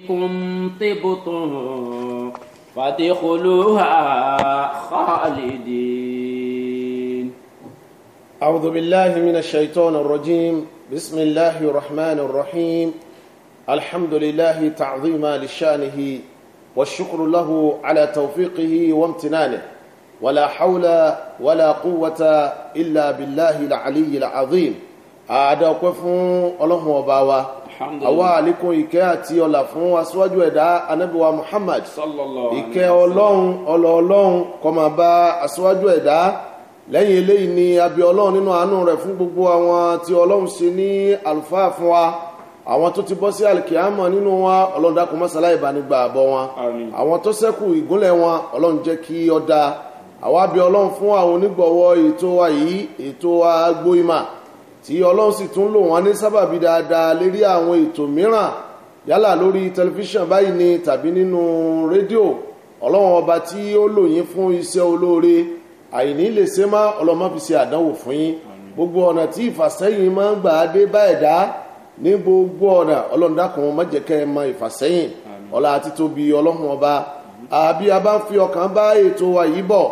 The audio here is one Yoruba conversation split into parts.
فيكم طبط فادخلوها خالدين أعوذ بالله من الشيطان الرجيم بسم الله الرحمن الرحيم الحمد لله تعظيما لشانه والشكر له على توفيقه وامتنانه ولا حول ولا قوة إلا بالله العلي العظيم أعدى كفو الله وباوه àwa àlékún ìkẹ́ àti ọlà fún aṣíwájú ẹ̀dá anábìwá muhammad ìkẹ́ ọlọ́run ọlọ ọlọ́run kó máa bá aṣíwájú ẹ̀dá lẹ́yìn eléyìí ni abẹ ọlọ́run nínú àánú rẹ̀ fún gbogbo àwọn tí ọlọ́run ṣe ní àlùfáà fún wa àwọn tó ti bọ́ sí alikiyama nínú wọn ọlọ́run dákun mọ́sálá ìbánigbà àbọ̀ wọn àwọn tó sẹ́kù ìgúnlẹ̀ wọn ọlọ́run jẹ́ kí ọ dáa àwa bí ọlọ́run fún àwọn onígbọ̀wọ́ ètò wa yìí ètò wa gbóyìmá tí ọlọ́run sì tún lò wọ́n ní sábàbí dáadáa lérí àwọn ètò mìíràn yálà lórí tẹlifíṣàn báyìí ni tàbí nínú rédíò ọlọ́run ọba tí ó lò yín fún iṣẹ́ olóore àìní lè ṣe má ọlọ́mọ fi ṣe àdánwò fún yín gbogbo ọ̀nà tí ìfàsẹ́yìn máa ń gbà á dé bá ẹ̀dá ní gbogbo ọ̀nà ọlọ́run dákun má jẹ́ kẹ́ ẹ mọ ìfàsẹ́yìn ọlá àti ọlọ́run ọba àbí a bá ń fi ọkàn bá ètò wa yìí bọ̀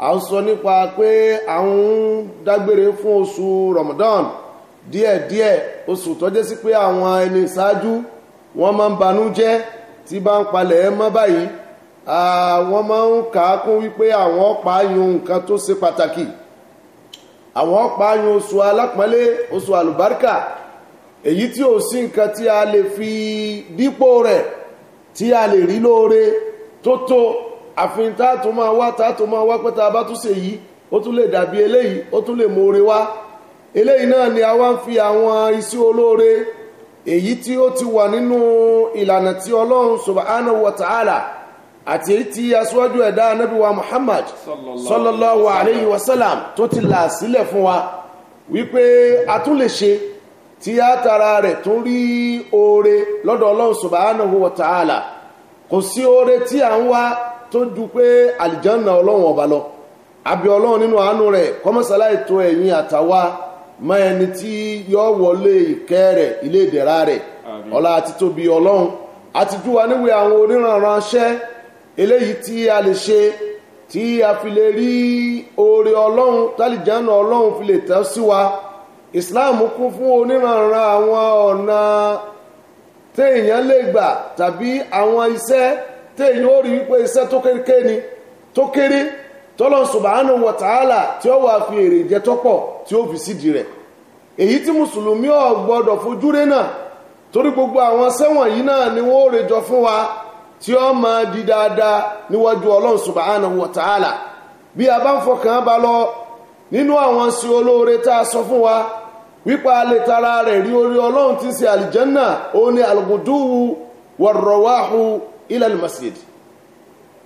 à ń sọ nípa pé àwọn ń dágbére fún oṣù Ramadan díẹ̀díẹ̀ oṣù tó jẹ́ sí pé àwọn ẹni ṣáájú wọ́n máa ń banú jẹ́ tí bá ń palẹ̀ mọ́ báyìí wọ́n máa ń kà á kún wípé àwọn ọ̀pá yun nǹkan tó ṣe pàtàkì àwọn ọ̀pá yun oṣù alápọ̀nlé oṣù àlùbáríkà èyí tí ò sí nǹkan tí a lè fi dípò rẹ̀ tí a lè rí lóore tó tó àfin tá a tún máa wá tá a tún máa wá pé tá a bá tún ṣe yìí ó tún lè dàbí eléyìí ó tún lè mọ̀ọ́rẹ́ wá eléyìí náà ni a wá ń fi àwọn iṣẹ́ olóore èyí tí ó ti wà nínú ìlànà tí ọlọ́run subhanahu wa ta'ala àti èyí tí aṣíwájú ẹ̀dá anábì wa muhammad sallallahu alayhi wa sallam tó ti là sílẹ̀ fún wa wípé a tún lè ṣe tí a tara rẹ̀ tún rí oore lọ́dọ̀ ọlọ́run subhanahu wa ta'ala kò sí oore tí à ń wá tó ju pé àlìjánà ọlọ́run ọba lọ àbí ọlọ́run nínú àánú rẹ̀ kọ́mọ́sálá ètò ẹ̀yìn àtàwa mọ ẹni tí yọ wọlé ìkẹ́ rẹ̀ ilé ìdẹ̀ra rẹ̀ ọlá àti tóbi ọlọ́run àti júwa níwèé àwọn oníranran ṣẹ́ eléyìí tí a lè ṣe tí a fi lè rí oore ọlọ́run tálìjánà ọlọ́run fi lè tẹ́ sí wa Islam kún fún oníranran àwọn ọ̀nà téèyàn lè gbà tàbí àwọn iṣẹ́ téèyàn ó rí wípé iṣẹ́ tó kéré ni tó kéré tọ́lọ́ subhanahu wa ta'ala tí ó wà fi èrè jẹ tọ́pọ̀ tí ó fi sídìí rẹ̀ èyí tí mùsùlùmí ò gbọ́dọ̀ fojúre náà torí gbogbo àwọn sẹ́wọ̀n yìí náà ni wọ́n ó rejọ fún wa tí ó máa di dáadáa níwájú ọlọ́run subhanahu wa ta'ala bí a bá ń fọkàn bá lọ nínú àwọn sí olóore tá a sọ fún wa wípa a tara rẹ̀ rí orí ọlọ́run tí ń ṣe àlìjẹ́nnà ó ní àlùgùdúwù wàrọ̀wáhù ilal masjid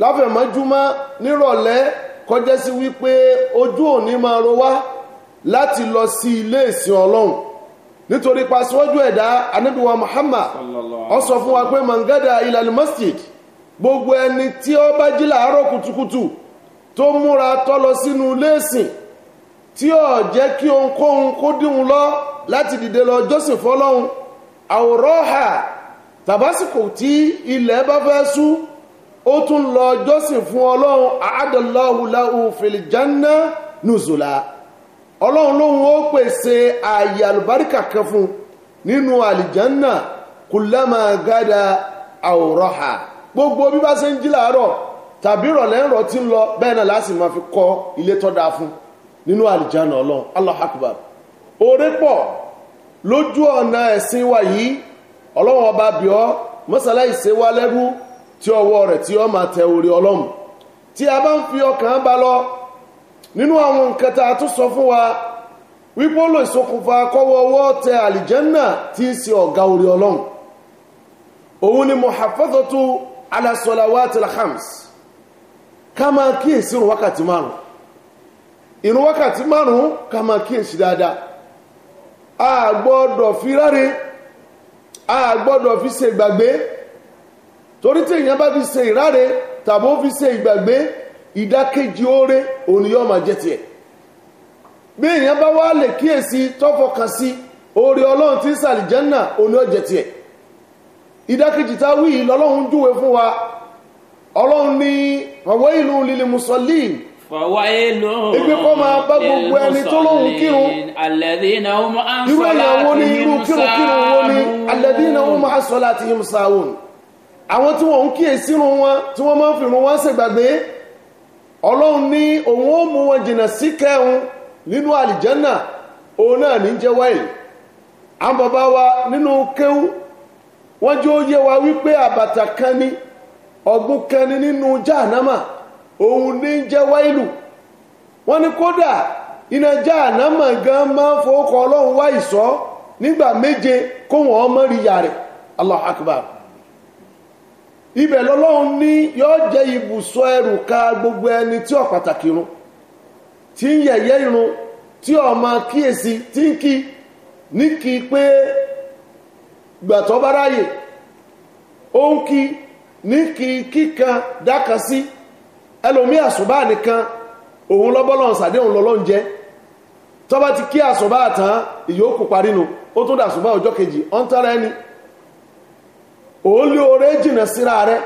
láfẹ̀mọ́júmọ́ nírọ̀lẹ́ kọjá sí wípé ojú òní máa ro wá láti lọ sí ilé ìsìn ọlọ́run nítorí pàṣíwájú ẹ̀dá anábíwá Muhammad ó sọ fún wa pé mangada ilal masjid gbogbo ẹni tí ó bá jí làárọ̀ kùtùkùtù tó múra tó lọ sínú ilé ìsìn tí ó jẹ́ kí ohunkóhun kó díhun lọ láti dìde lọ jọ́sìn fọlọ́run àwòrán ọ̀hà tàbásìkò tí ilẹ̀ bá fẹ́ sú ó tún lọ jọ́sìn fún ọlọ́run àádọ́láhùláhù fìlìjánná nùzùlá ọlọ́run lóhun ó pèsè ààyè àlùbáríkà kan fún nínú àlìjánná kùlámà gádà àwòrọ́hà gbogbo bí bá ṣe ń jí làárọ̀ tàbí ìrọ̀lẹ́ ń rọ̀ tí ń lọ bẹ́ẹ̀ náà láti máa fi kọ́ ilé tó dáa fún nínú àlìjánná ọlọ́run allah akbar oore pọ̀ lójú ọ̀nà ẹ̀sìn wa yìí ọlọ́run ọba bíọ́ mọ́sálá ìṣèwá lẹ́rú tí ọwọ́ rẹ̀ tí ọ máa tẹ orí ọlọ́run tí a bá ń fi ọkàn bá lọ nínú àwọn nǹkan tá a tún sọ fún wa wípé ó lè ṣokùnfà kọ́wọ́ ọwọ́ tẹ àlìjẹ́nà tí ń ṣe ọ̀gá orí ọlọ́run òun ni muhafazatu ala salawatil khams ká máa kíyèsí ìrun wákàtí márùn ìrun wákàtí márùn ká máa kíyèsí dáadáa a gbọ́dọ̀ fi ráre a gbọ́dọ̀ fi ṣe ìgbàgbé torí tí èèyàn bá fi ṣe ìráre tàbí ó fi ṣe ìgbàgbé ìdákejì oore òní yóò máa jẹ́ tiẹ̀ bí èèyàn bá wá lè kíyèsí tọ́fọkàn sí oore ọlọ́run tí ń sàlìjẹ́nà òní ó jẹ́ tiẹ̀ ìdákejì tá wí lọ́lọ́run júwe fún wa ọlọ́run ní ọ̀wọ́ ìlú lílimusọ́líì ìpè kọ́ máa bá gbogbo ẹni tó lóhùn kírun irú ẹ̀yàn wo ni irú kírun kírun wo ni alladhina hum an salatihim sahun àwọn tí wọ́n ń kíyèsí run wọn tí wọ́n máa ń fi wọn ṣègbàgbé ọlọ́run ní òun ó mú wọn jìnnà sí kẹ́hún nínú àlìjánà òun náà ní jẹ́ wáìlì àwọn bàbá wa nínú kéwú wọ́n jẹ́ yé wa wípé àbàtà kan ni ọ̀gbun kan ni nínú jáànámà òun ní jẹ́ wáìlù wọ́n ní kódà iná já ànámọ̀ gan máa ń fowókọ ọlọ́run wá ìsọ́ nígbà méje kó wọ́n mọ́ rí yà rẹ̀ Allahu Akbar ibẹ̀ lọ́lọ́run ní yóò jẹ́ ibùsọ ẹrù ka gbogbo ẹni tí ó pàtàkì irun tí ń yẹ̀yẹ́ irun tí ọmọ kíyèsí tí ń kí ní kí pé gbàtọ́ bá ráyè ó ń kí ní kí kíkan dákan si ẹlòmí àsùbá nìkan òun lọ́bọ́lọ́n sàdé òun lọ́lọ́n jẹ́ tó bá ti kí àsùbá tán ìyókù parí nu ó tún dàsùbá ọjọ́ kejì ọ̀n tọ́ra ẹni òun lé oore jìnà síra rẹ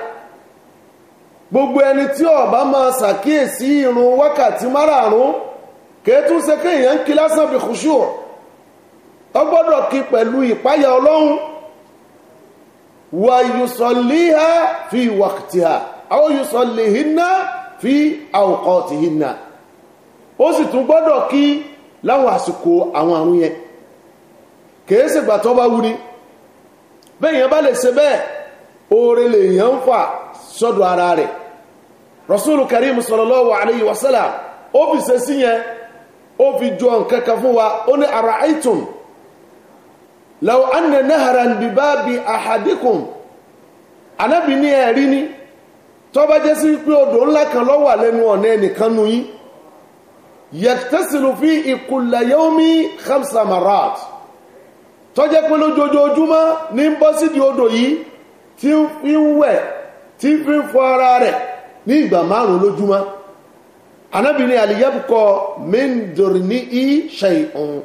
gbogbo ẹni tí ó bá máa ṣàkíyèsí irun wákàtí márààrún kẹ́ẹ̀tún ṣe kéèyàn ń kí lásán fi kùṣù ọ gbọ́dọ̀ kí pẹ̀lú ìpáyà ọlọ́run wà yùsọ̀líhà fi wàkìtìhà àwọn yùsọ̀líhìnà fi awqatihinna ó sì tún gbọ́dọ̀ kí láwọn àsìkò àwọn àrùn yẹn kìí ṣègbà bá wú bẹ́ẹ̀ yẹn bá lè ṣe bẹ́ẹ̀ oore lè yàn fà sọ́dọ̀ ara rẹ̀ rasulu karim sallallahu alayhi wa sallam ó fi ṣe sí yẹn ó fi jọ fún wa ó ní law anna naharan bi babi ahadikum anábì ẹ̀rí ni tó bá jẹ́ sí pé odò ńlá kan ló wà lẹ́nu ọ̀nà ẹnìkan nu yín yẹtẹ́sìlù fi ìkùlẹ̀ yẹ́wọ́mí hamsa marat tó jẹ́ pé lójoojúmọ́ ní ń bọ́ sídìí odò yìí tí ń fi ń wẹ̀ tí ń fi ń fọ ara rẹ̀ ní ìgbà márùn-ún lójúmọ́ anábìnrin àlìyẹ́bùkọ mẹ́ndòrìní í ṣe ìhun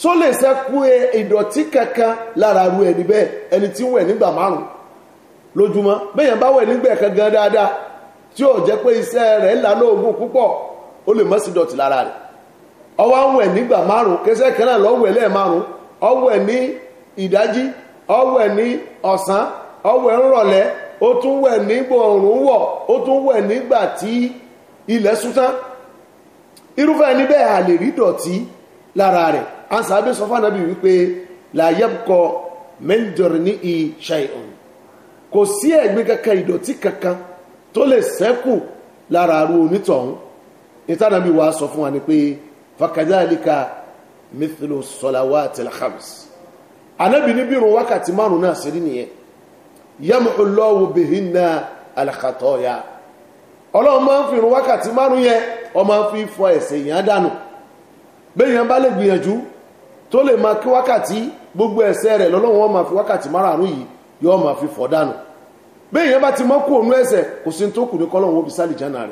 só lè sẹ́kù ìdọ̀tí kankan lára ru ẹni bẹ́ẹ̀ ẹni tí ń wẹ̀ nígbà márùn-ún lójúmọ́ bẹ́yàn bá wẹ̀ nígbẹ̀ kan gan dáadáa tí ó jẹ́ pé iṣẹ́ rẹ̀ ńlá lóògùn púpọ̀ ó lè mọ́sí dọ̀tí lára rẹ̀ ọwọ́ wẹ̀ nígbà márùn-ún kẹsẹ́ kan lọ́wọ́ ẹ̀ ún ọwọ́ ẹ̀ ní ìdájí ọwọ́ ẹ̀ ní ọ̀sán ọwọ́ ẹ̀ ń rọ̀lẹ́ ó tún wẹ̀ nígbà òòrùn wọ̀ ó tún wẹ̀ nígbà a lè rí dọ̀tí sọ fún wípé ní kò sí ẹ̀gbin kankan ìdọ̀tí kankan tó lè lara lára àrùn onítọ̀hún ìtànàbí wa sọ fún wa ni pé fakadhalika mithlu salawatil khams anábì ní bírun wákàtí márùn náà sí rí nìyẹn yamhu Allahu bihinna al-khataya ọlọ́run máa ń fi irun wákàtí márùn yẹn ó máa ń fi fọ ẹ̀ṣẹ̀ èèyàn dànù béèyàn bá lè gbìyànjú tó lè máa kí wákàtí gbogbo yọọ ma fi fọ̀ bí bẹ́ẹ̀ yẹn bá ti mọ́ kú òun ẹsẹ̀ kò sí tó kù ní kọ́lọ́hún òbí rẹ̀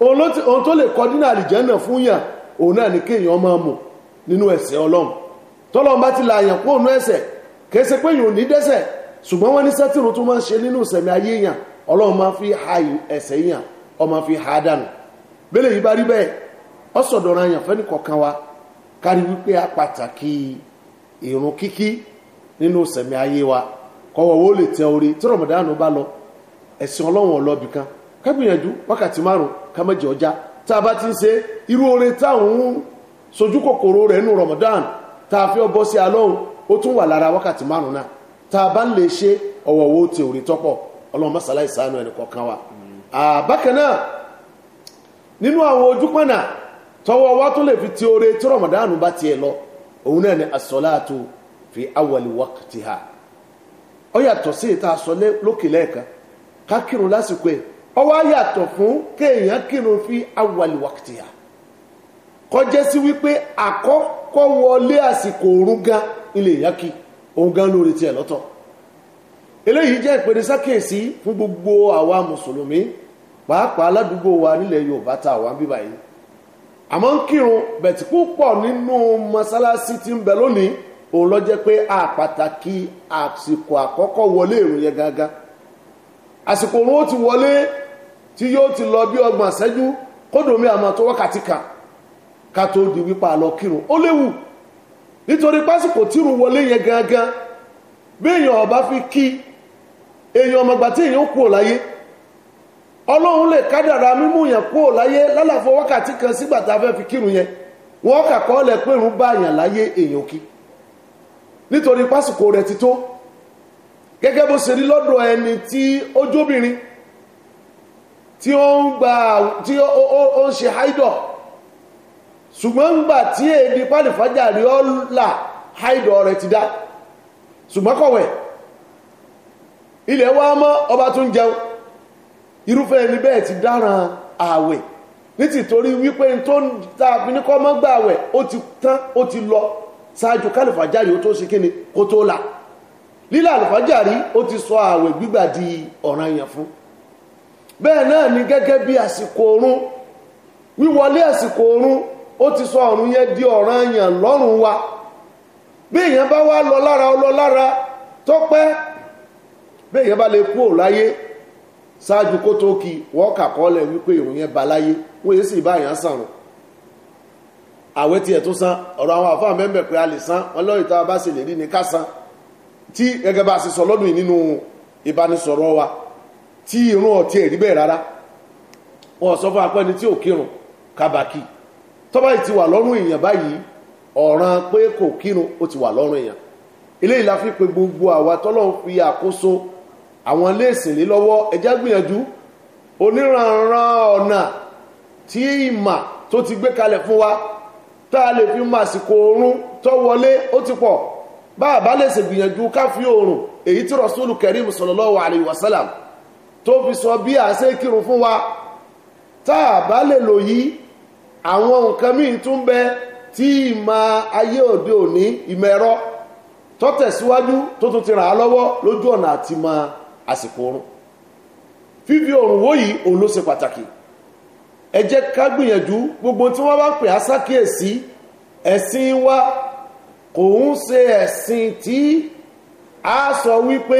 ohun tó lè kọ́ dínà àlìjẹ́nà fún yàn òun náà ni kéèyàn máa mọ̀ nínú ọlọ́run tọ́lọ́run bá ti la kú òun ẹsẹ̀ kìí ṣe pé ní ṣùgbọ́n wọ́n ní tó máa ń ṣe nínú ìsẹ̀mí ayé fi ha yàn ọ wa kọ́wọ́ wo le tẹ orí tí rọ̀mọ̀dánù bá lọ ẹ̀sìn ọlọ́run ọlọ́bì kan ká wákàtí márùn ká má jẹ ọjà tá a bá ti ń ṣe irú oore táwọn sojú kòkòrò rẹ̀ nù rọ̀mọ̀dán tá a fi bọ́ sí alọ́run ó tún wà lára wákàtí márùn náà tá a bá ń wa. bákan fi ti tí lọ òun náà ni ọ yàtọ̀ sí ìta sọ lókè lẹ́ẹ̀kan ká kírun lásìkò ẹ̀ ọ wá yàtọ̀ fún kéèyàn kírun fi awàlì wàkìtìyà kọjá sí wípé àkọ́kọ́ wọlé àsìkò òrùn ga ilé ìyáki òun gan lórí tiẹ̀ lọ́tọ̀ eléyìí jẹ́ ìpèdè sákèsí fún gbogbo àwa mùsùlùmí pàápàá aládùúgbò wa nílẹ̀ yorùbá ta àwa bíbá yìí àmọ́ ń kírun bẹ̀tì púpọ̀ nínú mọ́sálásí ti ń bẹ lónìí òun lọ je pé a pàtàkì àsìkò àkọ́kọ́ wọlé ìrun yẹn gangan àsìkò òun ó ti wọlé tí yóò ti lọ bí ọgbọ̀n ṣẹ́jú kódòmí àmọ́ tó wákàtí kan ká tó di wípa lọ kírun ó léwu nítorí pásìkò tírun wọlé yẹn gangan bí èèyàn ọba fi kí èèyàn ọmọgbà tí èèyàn kúrò láyé ọlọ́run lè kádàrà mímú yẹn kúrò láyé lálàfo wákàtí kan sígbà tá a fẹ́ fi kírun yẹn wọ́n kàkọ́ pé bá láyé nítorí pásìkò rẹ̀ ti tó gẹ́gẹ́ bó ṣe rí lọ́dọ̀ ẹni tí ó jóbìnrin tí ó ń gbà tí ó ń ṣe haidọ̀ ṣùgbọ́n ń gbà tí èdè pálífàjà rí ọ́ là haidọ̀ rẹ̀ ti dá ṣùgbọ́n kọ̀wẹ̀ ilẹ̀ wa mọ́ ọba tó ń jẹun irúfẹ́ ẹni bẹ́ẹ̀ ti dáràn ààwẹ̀ ní wípé tó ń ta àfinikọ́ mọ́gbà ààwẹ̀ ó ti tán ó ti lọ ṣáájú kálífàjárì ó tó ṣe kíni kó tó là lílà ó ti sọ ààwẹ̀ gbígbà di ọ̀ranyàn fún bẹ́ẹ̀ náà ni gẹ́gẹ́ bí àsìkò oorun wíwọlé àsìkò oorun ó ti sọ ọ̀run yẹn di ọ̀ranyàn lọ́rùn wa bí èèyàn bá wá lọ lára ọlọ lára bá lè kú ò láyé ṣáájú kó tó kí wọ́n wípé ìròyìn bá láyé wọ́n àwẹ̀ tiẹ̀ tó san ọ̀rọ̀ àwọn àfáà mẹ́mbẹ̀ pé a lè san wọn lọ́rọ̀ ìta bá ṣe lè rí ni ká san tí gẹ́gẹ́ bá a ṣe sọ lọ́dún yìí nínú ìbánisọ̀rọ̀ wa tí irun ọ̀tí ẹ̀rí bẹ́ẹ̀ rárá wọn sọ fún apẹ́ni tí ò kírun kábàkì tọ́ba yìí ti wà lọ́rùn èèyàn báyìí ọ̀ràn pé kò kírun ó ti wà lọ́rùn èèyàn eléyìí la fi pe gbogbo àwa tọ́lọ́run fi àkóso àwọn iléèsìn lé tí ìmà tó ti gbé kalẹ̀ fún wa tá a lè fi mọ àsìkò oorun tó wọlé ó ti pọ̀ bá bá lè ṣe gbìyànjú ká fi oorun èyí tí rasulu karim sallallahu alayhi sallam tó fi sọ bí a ṣe fún wa tá bá lè lò yí àwọn nǹkan míì tún bẹ tí ìmọ̀ ayé òde òní ìmọ̀ ẹ̀rọ tó tẹ̀síwájú tó tún oorun fífi oorun wó yìí òun ló ṣe pàtàkì ẹ jẹ́ ká gbìyànjú gbogbo tí wọ́n bá pè á sákìyèsí ẹ̀sìn wa kò ń ṣe ẹ̀sìn tí a sọ wípé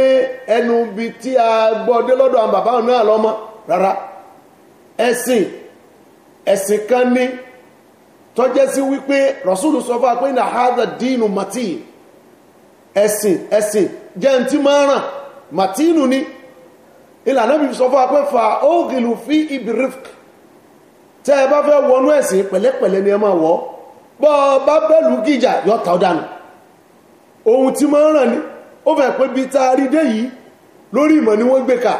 ẹnu ibi tí a gbọ́ lọ́dọ̀ àwọn bàbá náà lọ́mọ rárá ẹ̀sìn ẹ̀sìn kan ní tọ́jẹ́ sí wípé rọ̀súlù sọ fún apẹ́ ìnáhádà dínú màtí ẹ̀sìn ẹ̀sìn jẹ́ ń tí máa ràn màtínú ní ìlànà sọ fún fa ógìlù fi ibi tẹ́ ẹ bá fẹ́ wọnú ẹ̀sìn pẹ̀lẹ́pẹ̀lẹ́ ni ẹ máa wọ́ bọ́ ọ bá bẹ́ẹ̀lú gíjà yọ ta ọ dànù ohun tí máa ń ràn ní ó fẹ́ pé bíi ta rí dé yìí lórí ìmọ̀ ni wọ́n gbé ka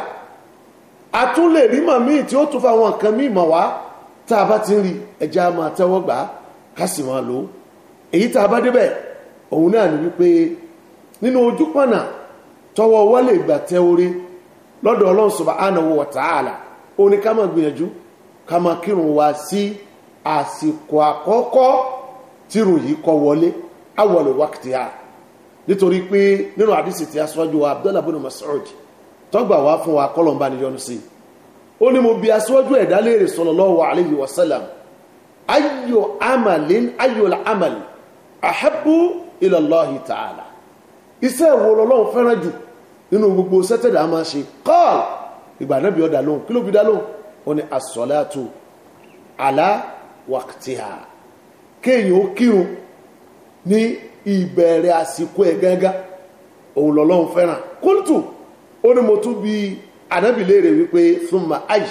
a lè rí màmí tí ó tún fa àwọn nǹkan mọ̀ wá bá ti ń ẹja máa tẹ́wọ́ gbà á ká sì máa lò ó èyí tá a bá ni wípé nínú ojú tọwọ́ tẹ́ orí lọ́dọ̀ Ọlọ́run òun ni ká máa kírun wa sí àsìkò àkọ́kọ́ tírun yìí kọ wọlé awọlé wákìtì ha nítorí pé nínú àdìsí ti aṣáájú wa Abdullah bin Mas'ud tọ́gbà wá fún wa kọ́lọ̀mbá ni yọnu sí ó ní mo bi aṣáájú ẹ̀dá léèrè sallallahu alayhi wa sallam ayò amalin ayò amal ahabbu ila Allahi ta'ala iṣẹ́ ìwò lọ́lọ́run fẹ́ràn jù nínú gbogbo sẹ́tẹ̀dà máa ṣe kọ́ọ̀lù ìgbà náà bí ọ̀dà lóhùn kí ló fi dá lóhùn ó ní asọ́látù aláwàktíhà kéèyàn ó kírun ní ìbẹ̀rẹ̀ àsìkò ẹ̀ gángan òun lọ́lọ́run fẹ́ràn kúntù ó ní mo tún bi ànábì léèrè wípé súnmà áyì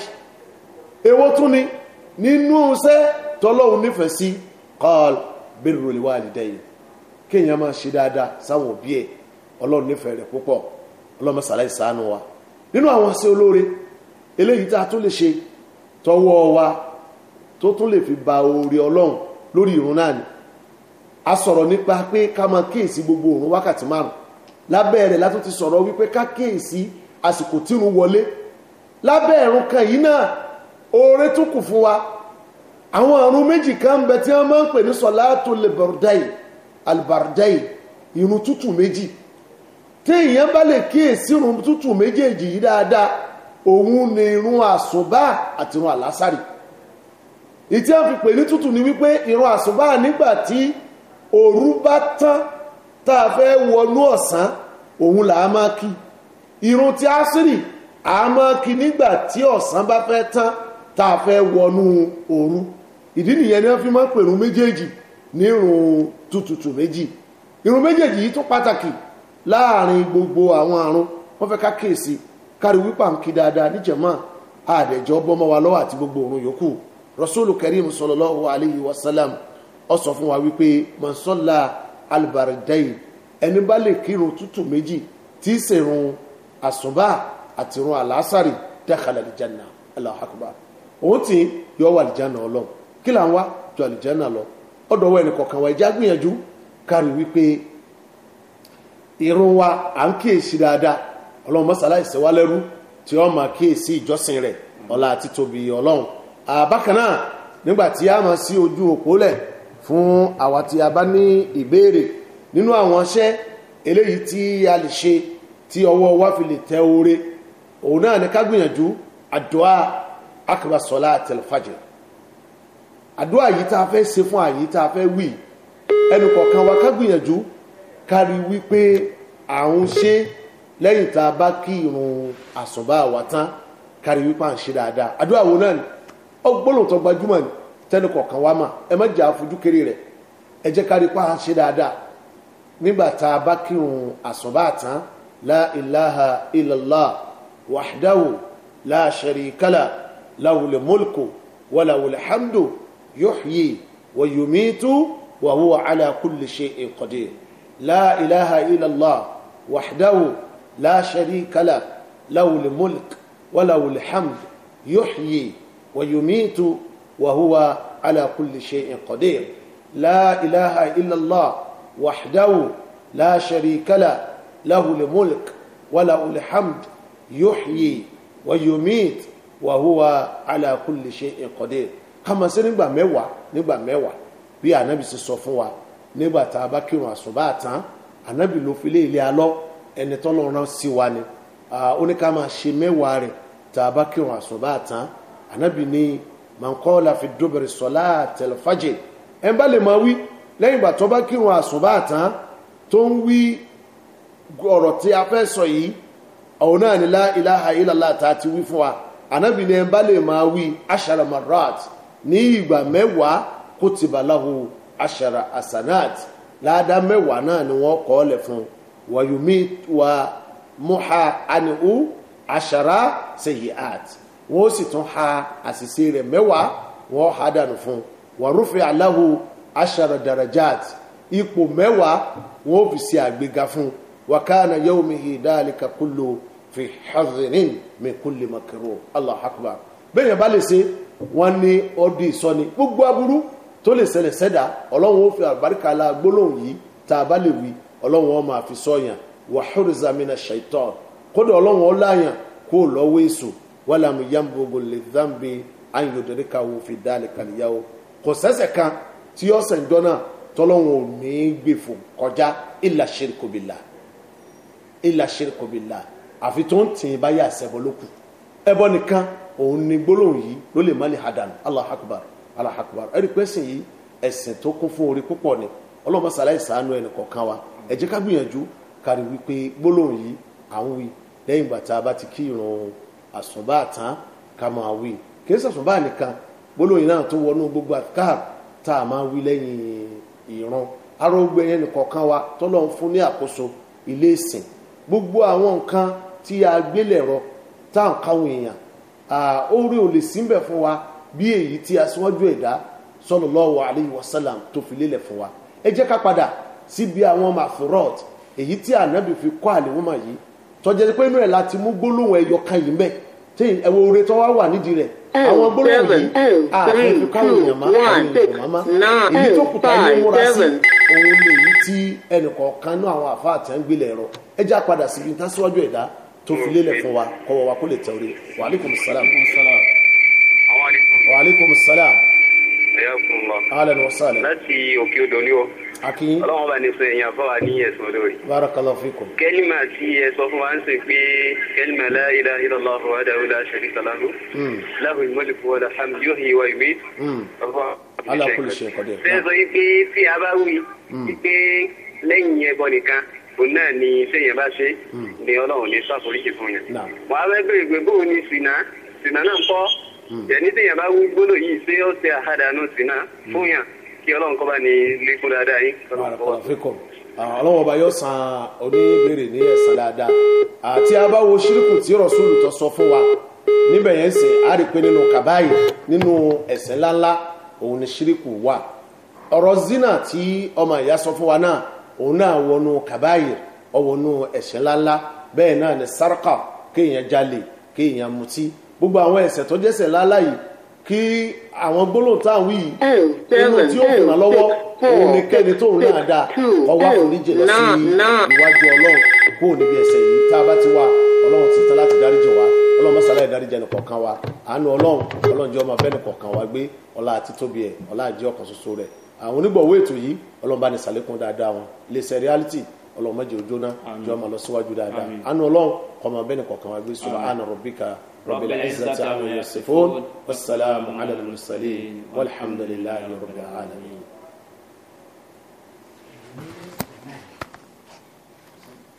èwo tún ni nínú iṣẹ́ tọ́lọ́run nífẹ̀ẹ́ sí qal birrul walidayn kéèyàn máa ṣe dáadáa sáwọn òbí ẹ̀ ọlọ́run nífẹ̀ẹ́ rẹ̀ púpọ̀ ọlọ́mọ sàlẹ̀ ìsánú wa nínú àwọn iṣẹ́ olóore eléyìí tá a tún lè ṣe tọwọ́ wa tó tún lè fi ba oore ọlọ́run lórí ìrun náà ni a sọ̀rọ̀ nípa pé ká máa kíyèsí gbogbo òrùn wákàtí márùn lábẹ́ rẹ̀ látún ti sọ̀rọ̀ wípé ká kíyèsí àsìkò tírun wọlé lábẹ́ ìrun kan yìí náà oore tún kù fún wa àwọn àrùn méjì kan ń bẹ tí wọ́n máa ń pè ní sọ̀láàtò lèbọ̀rọ̀dáì àlùbàrọ̀dáì ìrun tútù méjì tí èèyàn bá lè kíyèsí ìrun tútù méjèèjì yìí dáadáa òun ni irun àsùnbá àti irun àlásàrì ìtí a fi pè ní tútù ni wípé irun àsùnbá nígbàtí tí òru bá tán tá a fẹ́ wọnú ọ̀sán òun là á irun tí àsìrì a máa kí ọ̀sán bá fẹ́ tán tá a fẹ́ wọnú òru fi máa ń pèrún méjèèjì ní irun tútùtù méjì irun méjèèjì yìí tún pàtàkì gbogbo àwọn àrùn wọ́n fẹ́ kárí wípà ń kí dáadáa níjàmá àdẹ̀jọ́ bọ́mọ wa lọ́wọ́ àti gbogbo òrun yòókù rasulu karim sallallahu alayhi wa sallam ó sọ fún wa wípé mọ̀nsọ́lá albardain ẹni bá lè kírun tútù méjì tí í ṣèrun àsùnbà àti irun àlásàrì dakhala aljanna Allahu akbar òun tí yọ wà aljanna ọlọ́run kí là ń wá ju aljanna lọ ọ̀dọ̀ wọ ẹnì kọ̀ọ̀kan wa ẹja gbìyànjú kárí wípé irun wa à ń kíyèsí dáadáa ọlọ́run mọ́sálá ìṣẹ́wálẹ́rú tí ó máa kíyèsí ìjọsìn rẹ̀ ọlá àti tóbi ọlọ́run àbákanáà nígbàtí a máa sí ojú òpó lẹ̀ fún àwa tí a bá ní ìbéèrè nínú àwọn iṣẹ́ eléyìí tí a lè ṣe tí ọwọ́ wa fi lè tẹ oore òun náà ni ká gbìyànjú àdúà akbar salatil fajr àdúà yìí tá a fẹ́ ṣe fún àyí tá a fẹ́ wí ẹnì kọ̀ọ̀kan wa ká gbìyànjú kárí wípé à ń ṣe é lẹ́yìn tá a bá kí irun àsùnbà wa tán kárí wípé à ń ṣe dáadáa àdúrà wo náà ni ọgbọ́n tó gbajúmọ̀ ni tẹ́nu kọ̀ọ̀kan wá mà ẹ má jẹ́ àfojú kéré rẹ̀ ẹ jẹ́ kárí pé à ń ṣe dáadáa nígbà tá a bá kí irun àsùnbà tán la ilaha illallah wahdahu la sharika la lahul mulku wa lahul hamdu yuhyi wa yumitu wa huwa ala لا شريك له له الملك وله الحمد يحيي ويميت وهو على كل شيء قدير لا إله إلا الله وحده لا شريك له له الملك وله الحمد يحيي ويميت وهو على كل شيء قدير kama ṣe nígbà mẹ́wàá nígbà mẹ́wàá bí anabi ṣe sọ fún wa nígbà tá a bá kírun ẹni tọ́nà ọ̀ràn sí wa ni ó ní ká máa ṣe mẹ́wàá rẹ̀ tá a bá kírun àsùnbà tán ànábì ní mọ̀nkọ́lá fi dóbẹ̀rẹ̀ sọ́lá tẹlifájì ẹ̀ ń bá lè máa wí lẹ́yìn ìgbà tó bá kírun àsùnbà tán tó ń wí ọ̀rọ̀ tí a fẹ́ sọ yìí ọ̀hún náà ni la ilaha illallah ti wí fún wa ànábì ní ẹ̀ ń bá lè máa wí ashara marat ní ìgbà mẹ́wàá kó ti bàláwo ashara asanat láàdá mẹ́wàá náà ni wọ́n kọ́ ọ́ lẹ̀ fún un wàyùmí wa muha anihu aṣara seyiat wọn ó sì tún ha àṣìṣe rẹ̀ mẹ́wàá wọn ha dànù fún wàrúfẹ aláwo aṣara darajat ipò mẹ́wàá wọn ó fi ṣe àgbéga fún wakana yawmihi dhalika kullu fi hadhirin min kulli makruh allah akbar bẹ́ẹ̀ yẹn bá lè ṣe wọ́n ní ọdún ìsọ́ni gbogbo aburú tó lè ṣẹlẹ̀ sẹ́dá ọlọ́run ó fi àbáríkà la gbólóhùn yìí tá a bá lè wí ọlọ́run wọn máa fi sọ̀yàn wà húrìzà mi náà ṣaitan kódà ọlọ́run wọn láyàn kó lọ́wọ́ èso wàlámù yambogo lè dánbe ayọ̀dẹ̀ríkà wò fi dáàlì kàníyàwó kò sẹ́sẹ̀ kan tí ó sẹ̀ ń jọ náà tọ́lọ́run ò ní gbè fún kọjá ìlà ṣirku billah ìlà ṣirku billah àfi tó ń tì í báyà ṣẹbọ lókù ẹbọ nìkan òun ni gbólóhùn yìí ló lè má lè hadàn Allahu akbar Allahu akbar ẹ̀rí pẹ́sìn yìí ẹ̀sìn tó kún fún orí púpọ̀ ni ọlọ́mọ sàlàyé sàánú ẹnì kọ̀ọ̀kan wa ẹ jẹ́ ká gbìyànjú kárí wípé gbólóhùn yìí à ń wí lẹ́yìn ìgbà tá a bá ti kí ìrun àsùnbà tán ká máa wí kìí sàsùnbà nìkan gbólóhùn náà tó wọnú gbogbo àkàr tá a máa wí lẹ́yìn ìrun arógbé yẹn nìkọ̀ọ̀kan wa tọ́lọ́ ń fún ní àkóso ilé ìsìn gbogbo àwọn nǹkan tí a gbélẹ̀rọ tá à ń káwọn èèyàn orí ò lè síbẹ̀ fún wa bí èyí tí aṣíwájú ẹ̀dá sallallahu alaihi wasallam tó fi lélẹ̀ fún wa ẹ jẹ́ ká padà síbi àwọn mafurot èyí tí ànábì fi kọ́ àlèwọ́mọ̀ yìí tọ́jẹ́ pé inú ẹ̀ láti mú gbólóhùn ẹyọ kan yìí mẹ́ tí ẹ̀wọ̀ oore tó wá wà nídìí rẹ̀ oh, àwọn gbólóhùn yìí àfihàn oh, fi káwọn èèyàn má àwọn èèyàn má èyí tó kùtà ní múra sí òun lèyí tí ẹnìkọ̀ọ̀kan náà àwọn àfa àtẹ̀ǹgbélẹ̀ rọ ẹ já padà síbi ìtàsíwájú ẹ̀dá tó fi lélẹ̀ fún wa kọ́wọ́ wa kó lè tẹ̀ orí wa aleykum salaam. wa aleykum salaam. ayé kun alẹ́ ni wọ́n sálẹ̀. láti òkè odò ni o akin. ọlọ́run bá ní sọ èèyàn fún wa ní ẹ̀sùn olórí. barakallahu fikum. kẹ́límà tí ẹ sọ fún wa ń sìn pé kẹ́límà la ilaha illallah wahdahu la sharika lahu. Hmm. lahul mulku wa lahul hamdu yuhyi wa yumiit. Hmm. ala kulli shay'in qadir. fẹ́ sọ pé tí a bá wí hmm. pé lẹ́yìn ẹbọ nìkan òun náà ni sẹ́yìn bá ṣe ni ọlọ́run ní sàforíjì fún yẹn. wàá fẹ́ bèrè pé ni sìnà sìnà náà kọ́ yẹn sẹ́yìn bá wí gbólóyìí ṣé ó ṣe àhádàánú sìnà fún yàn. kí bá ní yìí. ọba yóò san oníbèrè ní ẹ̀san dáadáa àti abáwo ṣírìkù tí rọ̀ṣúlù tó sọ fún wa níbẹ̀ yẹn sì á rí pé nínú kàbáyì nínú ẹ̀sẹ̀ ńláńlá òun ni ọmọ ìyá sọ fún wa náà òun náà wọnú kàbáyì ńláńlá bẹ́ẹ̀ náà ni sárkà kéèyàn jalè gbogbo àwọn tó ńláńlá kí àwọn gbólóhùn tá à ń wí yìí inú tí ó kùnà lọ́wọ́ òun ni kẹ́ni tóun náà dáa ọwọ́ àforíjì lọ sí iwájú ọlọ́run kó o níbi ẹ̀ṣẹ̀ yìí tá a bá ti wá ọlọ́run ti tán láti dáríjì wá ọlọ́run mọ́sálá ìdáríjì ẹnì kọ̀ọ̀kan wa àánú ọlọ́run ọlọ́run jẹ́ ọmọ afẹ́ni kọ̀ọ̀kan wa gbé ọlá àti tóbi ẹ̀ ọlá àjẹ ọ̀kan ṣoṣo rẹ̀ àwọn onígbọ̀wọ́ ètò yìí ọlọ́run bá ní sàlékún dáadáa wọn iléeṣẹ́ reality ọlọ́run mọ́jẹ̀ òjò náà jọ ọmọ lọ síwájú dáadáa àánú ọlọ́run kọ́mọ abẹ́ni kọ̀ọ̀kan wa gbé subhana rabbika رب العزة عما يصفون والسلام على المرسلين والحمد لله رب العالمين